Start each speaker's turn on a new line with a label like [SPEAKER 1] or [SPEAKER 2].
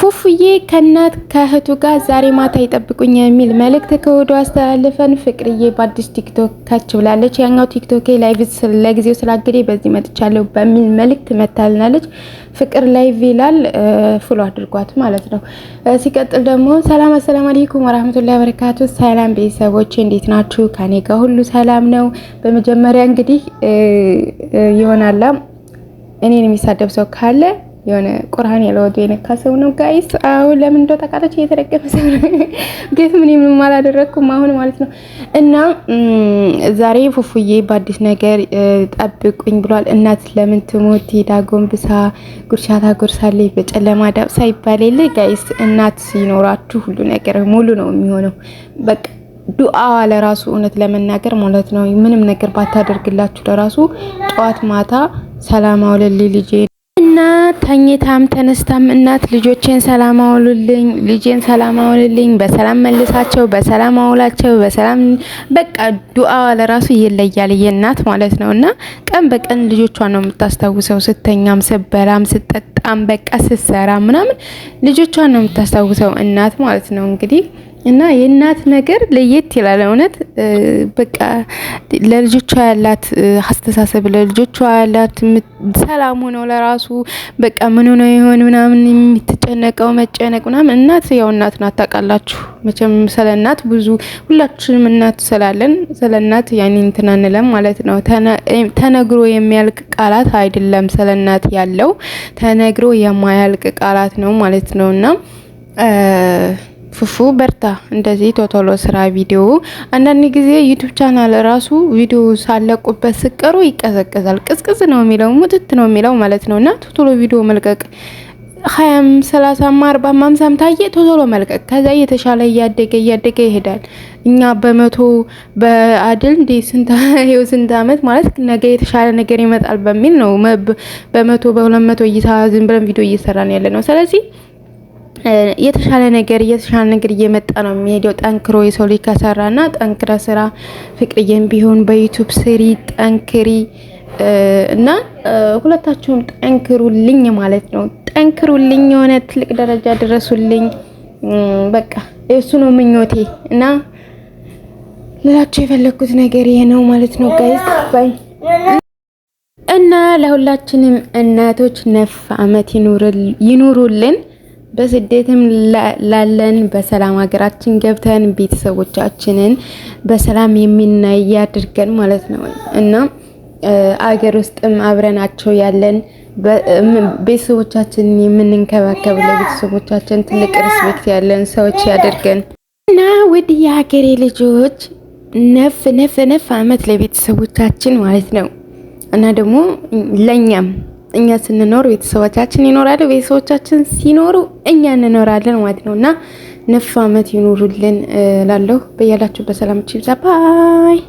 [SPEAKER 1] ፉፉዬ ከእናት ከእህቱ ጋር ዛሬ ማታ ይጠብቁኝ የሚል መልእክት ከወዶ አስተላልፈን ፍቅርዬ በአዲስ ቲክቶክ ካች ብላለች። ያኛው ቲክቶኬ ላይቭ ለጊዜው ስላገዴ በዚህ መጥቻለሁ በሚል መልእክት መታልናለች። ፍቅር ላይቭ ይላል ፍሎ አድርጓት ማለት ነው። ሲቀጥል ደግሞ ሰላም አሰላም አለይኩም ወራህመቱላሂ ወበረካቱ። ሰላም ቤተሰቦች እንዴት ናችሁ? ከኔ ጋር ሁሉ ሰላም ነው። በመጀመሪያ እንግዲህ ይሆናላ እኔን የሚሳደብ ሰው ካለ የሆነ ቁርአን ያለወጡ የነካ ሰው ነው ጋይስ። አሁን ለምን እንደው ታውቃለች፣ እየተረገመ ሰው ነው ግን ምን ምንም አላደረኩም አሁን ማለት ነው። እና ዛሬ ፉፉዬ በአዲስ ነገር ጠብቁኝ ብሏል። እናት ለምን ትሞት ሄዳ ጎንብሳ ጉርሻታ ታጎርሳለች በጨለማ ዳብሳ ይባል የለ ጋይስ። እናት ሲኖራችሁ ሁሉ ነገር ሙሉ ነው የሚሆነው በቃ ዱአ ለራሱ እውነት ለመናገር ማለት ነው ምንም ነገር ባታደርግላችሁ ለራሱ ጠዋት ማታ ሰላም አውለልኝ ልጄ ተኝታም ተነስታም እናት ልጆቼን ሰላም አውሉልኝ፣ ልጄን ሰላም አውሉልኝ፣ በሰላም መልሳቸው፣ በሰላም አውላቸው፣ በሰላም በቃ ዱአ ለራሱ ይለያል የእናት ማለት ነው። እና ቀን በቀን ልጆቿን ነው የምታስታውሰው። ስተኛም፣ ስበላም፣ ስጠጣም፣ በቃ ስሰራ ምናምን ልጆቿን ነው የምታስታውሰው እናት ማለት ነው እንግዲህ እና የእናት ነገር ለየት ይላል። እውነት በቃ ለልጆቿ ያላት አስተሳሰብ ለልጆቿ ያላት ሰላሙ ነው ለራሱ በቃ ምን ሆነ ይሆን ምናምን የምትጨነቀው መጨነቅ ምናምን። እናት ያው እናት ናት ታውቃላችሁ። መቼም ስለ እናት ብዙ ሁላችንም እናት ስላለን ስለ እናት ያኔ እንትን አንለም ማለት ነው። ተነግሮ የሚያልቅ ቃላት አይደለም ስለ እናት ያለው ተነግሮ የማያልቅ ቃላት ነው ማለት ነው እና ፉፉ በርታ፣ እንደዚህ ቶቶሎ ስራ ቪዲዮ አንዳንድ ጊዜ ዩቱብ ቻናል ራሱ ቪዲዮ ሳለቁበት ስቀሩ ይቀዘቅዛል። ቅዝቅዝ ነው የሚለው ሙትት ነው የሚለው ማለት ነው። እና ቶቶሎ ቪዲዮ መልቀቅ ሀያም ሰላሳም አርባም አምሳም ታየ ቶቶሎ መልቀቅ። ከዛ እየተሻለ እያደገ እያደገ ይሄዳል። እኛ በመቶ በአድል እንዲ ስንታየው ስንት አመት ማለት ነገ የተሻለ ነገር ይመጣል በሚል ነው በመቶ በሁለት መቶ እይታ ዝም ብለን ቪዲዮ ነው ያለ ነው። ስለዚህ የተሻለ ነገር የተሻለ ነገር እየመጣ ነው የሚሄደው። ጠንክሮ የሰው ልጅ ከሰራና ጠንክረ ስራ ፍቅርዬም ቢሆን በዩቱብ ስሪ ጠንክሪ እና ሁለታችሁም ጠንክሩልኝ ማለት ነው። ጠንክሩልኝ፣ የሆነ ትልቅ ደረጃ ድረሱልኝ። በቃ የእሱ ነው ምኞቴ እና ሌላቸው የፈለግኩት ነገር ይሄ ነው ማለት ነው ጋይስ ባይ እና ለሁላችንም እናቶች ነፍ አመት ይኑሩልን። በስደትም ላለን በሰላም ሀገራችን ገብተን ቤተሰቦቻችንን በሰላም የሚናይ ያድርገን ማለት ነው እና አገር ውስጥም አብረናቸው ያለን ቤተሰቦቻችንን የምንንከባከብ ለቤተሰቦቻችን ትልቅ ሪስፔክት ያለን ሰዎች ያድርገን እና ውድ የሀገሬ ልጆች ነፍ ነፍ ነፍ አመት ለቤተሰቦቻችን ማለት ነው እና ደግሞ ለእኛም እኛ ስንኖር ቤተሰቦቻችን ይኖራሉ፣ ቤተሰቦቻችን ሲኖሩ እኛ እንኖራለን ማለት ነው እና ነፍ አመት ይኖሩልን ላለሁ በያላችሁ በሰላም ቺብዛ ባይ